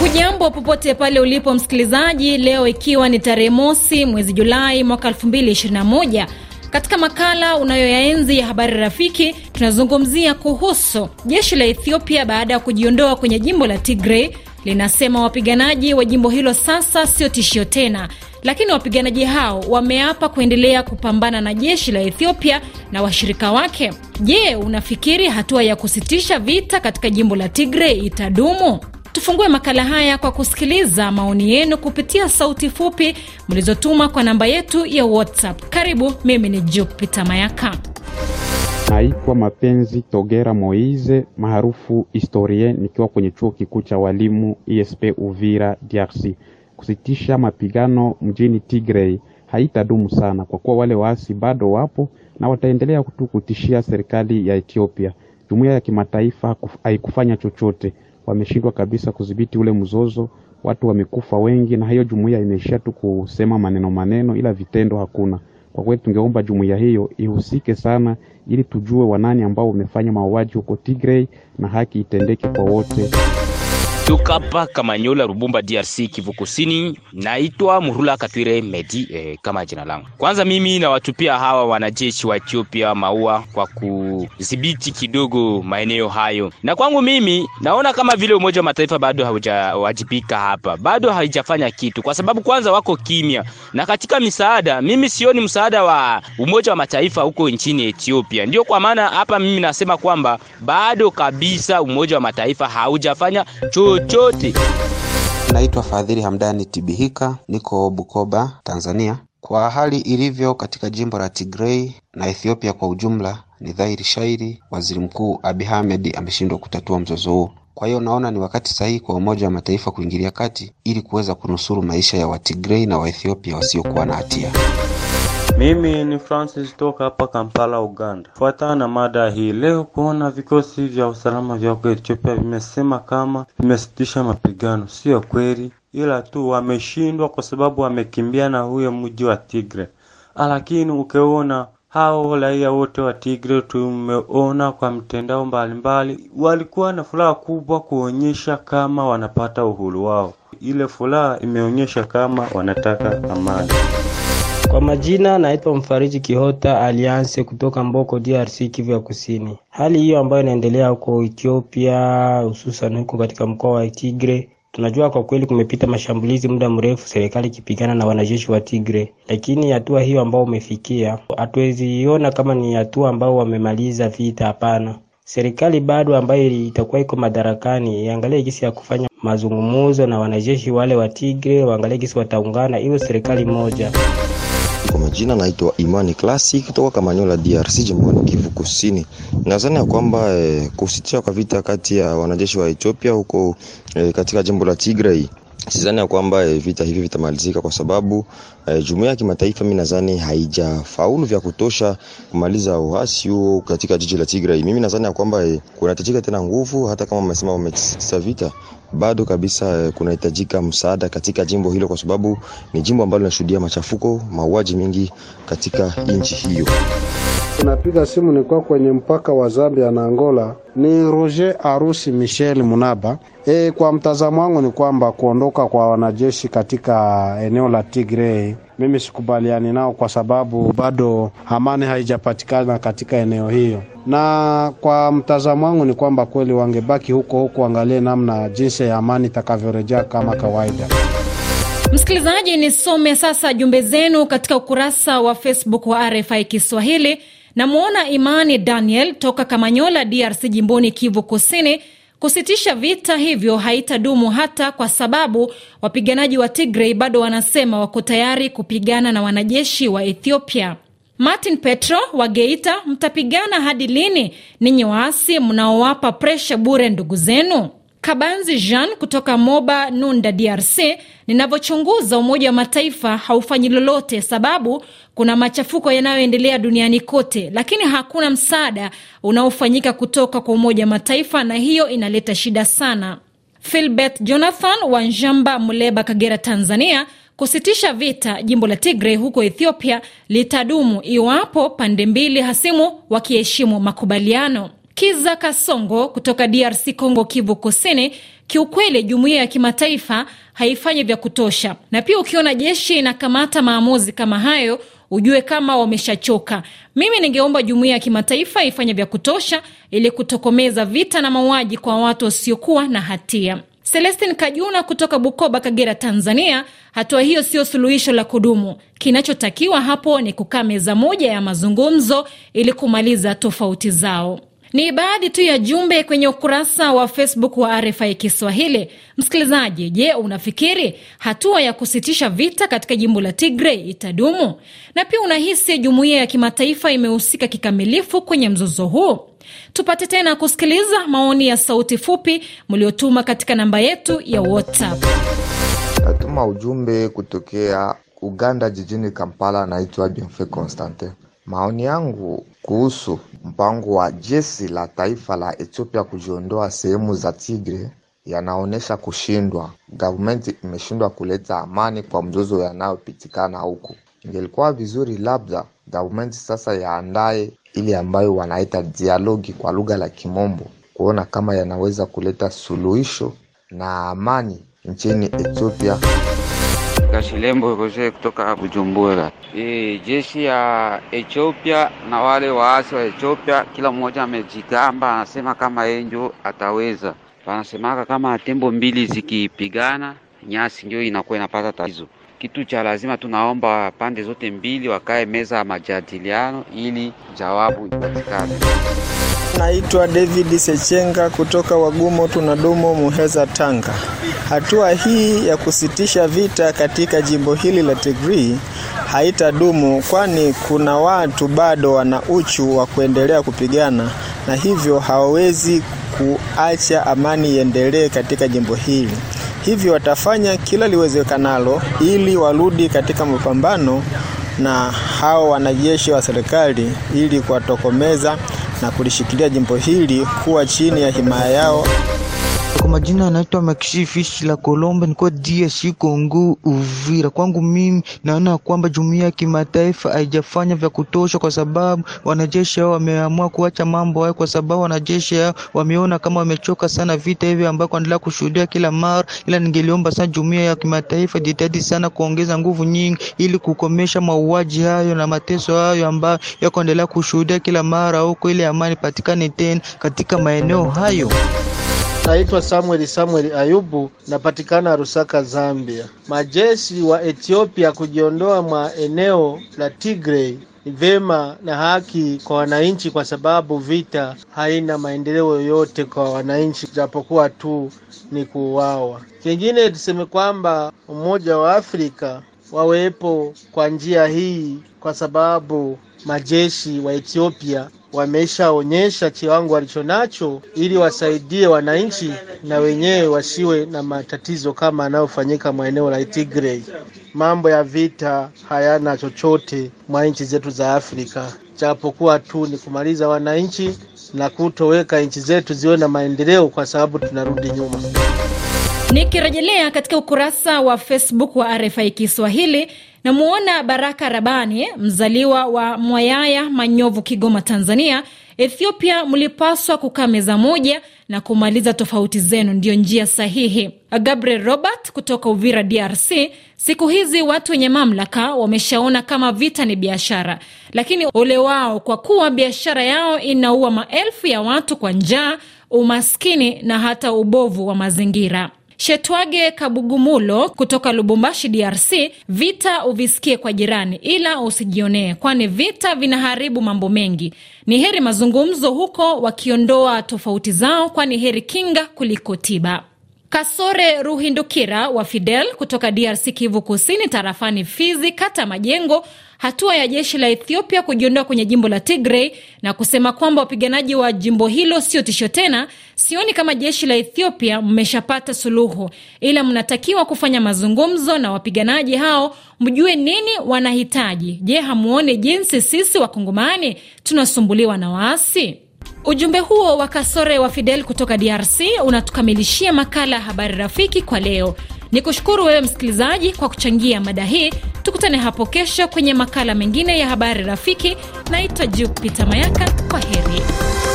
Hujambo popote pale ulipo msikilizaji, leo ikiwa ni tarehe mosi mwezi Julai mwaka 2021 katika makala unayoyaenzi ya habari rafiki, tunazungumzia kuhusu jeshi la Ethiopia baada ya kujiondoa kwenye jimbo la Tigray linasema wapiganaji wa jimbo hilo sasa sio tishio tena lakini wapiganaji hao wameapa kuendelea kupambana na jeshi la Ethiopia na washirika wake. Je, unafikiri hatua ya kusitisha vita katika jimbo la tigre itadumu? Tufungue makala haya kwa kusikiliza maoni yenu kupitia sauti fupi mlizotuma kwa namba yetu ya WhatsApp. Karibu, mimi ni Jupita Mayaka. Naitwa Mapenzi Togera moise maarufu Historien, nikiwa kwenye chuo kikuu cha walimu ISP e Uvira, DRC kusitisha mapigano mjini Tigray haitadumu sana, kwa kuwa wale waasi bado wapo na wataendelea tu kutishia serikali ya Ethiopia. Jumuiya ya kimataifa haikufanya chochote, wameshindwa kabisa kudhibiti ule mzozo. Watu wamekufa wengi, na hiyo jumuiya imeishia tu kusema maneno maneno, ila vitendo hakuna. Kwa kweli, tungeomba jumuiya hiyo ihusike sana, ili tujue wanani ambao wamefanya mauaji huko Tigray na haki itendeke kwa wote. Tukapa Kamanyola, Rubumba, DRC, Kivu Kusini. Naitwa Murula Katwire Medi eh, kama jina langu. Kwanza mimi nawatupia hawa wanajeshi wa Ethiopia maua kwa ku kudhibiti kidogo maeneo hayo. Na kwangu mimi naona kama vile Umoja wa Mataifa bado haujawajibika hapa, bado haijafanya kitu, kwa sababu kwanza wako kimya. Na katika misaada, mimi sioni msaada wa Umoja wa Mataifa huko nchini Ethiopia. Ndio kwa maana hapa mimi nasema kwamba bado kabisa Umoja wa Mataifa haujafanya chochote. Naitwa Fadhili Hamdani Tibihika, niko Bukoba, Tanzania. Kwa hali ilivyo katika jimbo la Tigray na Ethiopia kwa ujumla, ni dhahiri shairi Waziri Mkuu Abiy Ahmed ameshindwa kutatua mzozo huo. Kwa hiyo naona ni wakati sahihi kwa Umoja wa Mataifa kuingilia kati ili kuweza kunusuru maisha ya Watigrei na Waethiopia wasiokuwa na hatia. Mimi ni Francis toka hapa Kampala, Uganda. Fuatana na mada hii leo, kuona vikosi vya usalama vya Ethiopia vimesema kama vimesitisha mapigano, sio kweli, ila tu wameshindwa kwa sababu wamekimbia na huyo mji wa Tigre. Ah, lakini ukiona hao raia wote wa Tigre tumeona kwa mtandao mbalimbali, walikuwa na furaha kubwa kuonyesha kama wanapata uhuru wao. Ile furaha imeonyesha kama wanataka amani. Kwa majina naitwa Mfariji Kihota Alliance kutoka Mboko, DRC, Kivu ya Kusini. Hali hiyo ambayo inaendelea huko Ethiopia, hususan huko katika mkoa wa Tigre, tunajua kwa kweli kumepita mashambulizi muda mrefu, serikali ikipigana na wanajeshi wa Tigre, lakini hatua hiyo ambayo umefikia, hatuwezi iona kama ni hatua ambayo wamemaliza vita. Hapana serikali bado ambayo itakuwa iko madarakani iangalie jinsi ya kufanya mazungumzo na wanajeshi wale wa Tigre, waangalie jinsi wataungana iwe serikali moja. Kwa majina naitwa Imani Classic kutoka Kamanyola, DRC, jimboni Kivu Kusini. Nadhani ya kwamba eh, kusitisha kwa vita kati ya wanajeshi wa Ethiopia huko eh, katika jimbo la Tigray Sidhani ya kwamba e, vita hivi vitamalizika kwa sababu eh, jumuiya ya kimataifa mimi nadhani haijafaulu vya kutosha kumaliza uhasi huo katika jiji la Tigray. Mimi nadhani ya kwamba e, kunahitajika tena nguvu, hata kama wamesema wamesitisha vita, bado kabisa e, kunahitajika msaada katika jimbo hilo, kwa sababu ni jimbo ambalo linashuhudia machafuko, mauaji mengi katika nchi hiyo. Tunapiga simu ni kwa kwenye mpaka wa Zambia na Angola. Ni Roger Arusi Michel Munaba. E, kwa mtazamo wangu ni kwamba kuondoka kwa wanajeshi katika eneo la Tigray mimi sikubaliani nao, kwa sababu bado amani haijapatikana katika eneo hiyo, na kwa mtazamo wangu ni kwamba kweli wangebaki huko huko, angalie namna jinsi ya amani itakavyorejea kama kawaida. Msikilizaji, nisome sasa jumbe zenu katika ukurasa wa Facebook wa RFI Kiswahili. Namwona Imani Daniel toka Kamanyola, DRC, jimboni Kivu Kusini. Kusitisha vita hivyo haitadumu hata kwa sababu wapiganaji wa tigrei bado wanasema wako tayari kupigana na wanajeshi wa Ethiopia. Martin Petro wa Geita, mtapigana hadi lini ninyi waasi mnaowapa presha bure ndugu zenu? Kabanzi Jean kutoka Moba Nunda, DRC. Ninavyochunguza, Umoja wa Mataifa haufanyi lolote, sababu kuna machafuko yanayoendelea duniani kote, lakini hakuna msaada unaofanyika kutoka kwa Umoja wa Mataifa, na hiyo inaleta shida sana. Philbert Jonathan wa Njamba, Muleba, Kagera, Tanzania. Kusitisha vita jimbo la Tigray huko Ethiopia litadumu iwapo pande mbili hasimu wakiheshimu makubaliano. Kiza Kasongo kutoka DRC congo Kivu Kusini. Kiukweli jumuiya ya kimataifa haifanyi vya kutosha, na pia ukiona jeshi inakamata maamuzi kama hayo ujue kama wameshachoka. Mimi ningeomba jumuiya ya kimataifa ifanye vya kutosha ili kutokomeza vita na mauaji kwa watu wasiokuwa na hatia. Celestin Kajuna kutoka Bukoba, Kagera, Tanzania. Hatua hiyo siyo suluhisho la kudumu. Kinachotakiwa hapo ni kukaa meza moja ya mazungumzo ili kumaliza tofauti zao. Ni baadhi tu ya jumbe kwenye ukurasa wa Facebook wa RFI Kiswahili. Msikilizaji, je, unafikiri hatua ya kusitisha vita katika jimbo la Tigray itadumu? Na pia unahisi jumuiya ya kimataifa imehusika kikamilifu kwenye mzozo huu? Tupate tena kusikiliza maoni ya sauti fupi mliotuma katika namba yetu ya WhatsApp. Natuma ujumbe kutokea Uganda, jijini Kampala. anaitwa Bienfait Constantin. Maoni yangu kuhusu mpango wa jeshi la taifa la Ethiopia kujiondoa sehemu za Tigray yanaonyesha kushindwa. Gavumenti imeshindwa kuleta amani kwa mzozo yanayopitikana huku Ingelikuwa vizuri labda gavumenti sasa yaandaye ili ambayo wanaita dialogi kwa lugha la Kimombo, kuona kama yanaweza kuleta suluhisho na amani nchini Ethiopia. Kashilembo Roger kutoka Bujumbura. E, jeshi ya Ethiopia na wale waasi wa Ethiopia, kila mmoja amejigamba, anasema kama yeye ndio ataweza. Wanasemaka kama tembo mbili zikipigana, nyasi ndio inakuwa inapata tatizo. Kitu cha lazima tunaomba pande zote mbili wakae meza ya majadiliano ili jawabu ipatikane. Naitwa David Sechenga kutoka Wagumo tunadumo Muheza, Tanga. Hatua hii ya kusitisha vita katika jimbo hili la Tigray haitadumu, kwani kuna watu bado wana uchu wa kuendelea kupigana na hivyo hawawezi kuacha amani iendelee katika jimbo hili. Hivyo watafanya kila liwezekanalo ili warudi katika mapambano na hao wanajeshi wa serikali ili kuwatokomeza na kulishikilia jimbo hili kuwa chini ya himaya yao. Kwa majina anaitwa Maxi Fish la Kolombe, niko DSC Congo, Uvira. Kwangu mimi naona kwamba jumuiya ya kimataifa haijafanya vya kutosha, kwa sababu wanajeshi hao wameamua kuacha mambo hayo, kwa sababu wanajeshi hao wameona kama wamechoka sana vita hivi ambako wanaendelea kushuhudia kila mara. Ila ningeliomba sana jumuiya ya kimataifa jitahidi sana kuongeza nguvu nyingi, ili kukomesha mauaji hayo na mateso hayo ambayo yako endelea kushuhudia kila mara huko, ili amani patikane tena katika maeneo hayo. Naitwa Samuel Samuel Ayubu, napatikana Rusaka, Zambia. Majeshi wa Ethiopia kujiondoa mwa eneo la Tigray ni na haki kwa wananchi, kwa sababu vita haina maendeleo yoyote kwa wananchi, japokuwa tu ni kuuawa. Kingine tuseme kwamba Umoja wa Afrika wawepo kwa njia hii, kwa sababu majeshi wa Ethiopia wameshaonyesha kiwango walichonacho ili wasaidie wananchi na wenyewe wasiwe na matatizo kama yanayofanyika maeneo la Tigray. Mambo ya vita hayana chochote mwa nchi zetu za Afrika, japokuwa tu ni kumaliza wananchi na kutoweka nchi zetu ziwe na maendeleo, kwa sababu tunarudi nyuma. Nikirejelea katika ukurasa wa Facebook wa RFI Kiswahili Namwona Baraka Rabani, mzaliwa wa Mwayaya, Manyovu, Kigoma, Tanzania. Ethiopia mlipaswa kukaa meza moja na kumaliza tofauti zenu, ndiyo njia sahihi. Gabriel Robert kutoka Uvira, DRC. Siku hizi watu wenye mamlaka wameshaona kama vita ni biashara, lakini ole wao kwa kuwa biashara yao inaua maelfu ya watu kwa njaa, umaskini na hata ubovu wa mazingira. Shetwage Kabugumulo kutoka Lubumbashi, DRC. Vita uvisikie kwa jirani, ila usijionee, kwani vita vinaharibu mambo mengi. Ni heri mazungumzo huko, wakiondoa tofauti zao, kwani heri kinga kuliko tiba. Kasore Ruhindukira wa Fidel kutoka DRC, Kivu Kusini, tarafani Fizi, kata Majengo. Hatua ya jeshi la Ethiopia kujiondoa kwenye jimbo la Tigray na kusema kwamba wapiganaji wa jimbo hilo sio tisho tena Sioni kama jeshi la Ethiopia mmeshapata suluhu, ila mnatakiwa kufanya mazungumzo na wapiganaji hao, mjue nini wanahitaji. Je, hamuone jinsi sisi Wakongomani tunasumbuliwa na waasi? Ujumbe huo wa Kasore wa Fidel kutoka DRC unatukamilishia makala ya Habari Rafiki kwa leo. Ni kushukuru wewe msikilizaji kwa kuchangia mada hii. Tukutane hapo kesho kwenye makala mengine ya Habari Rafiki. Naitwa Jupita Mayaka, kwa heri.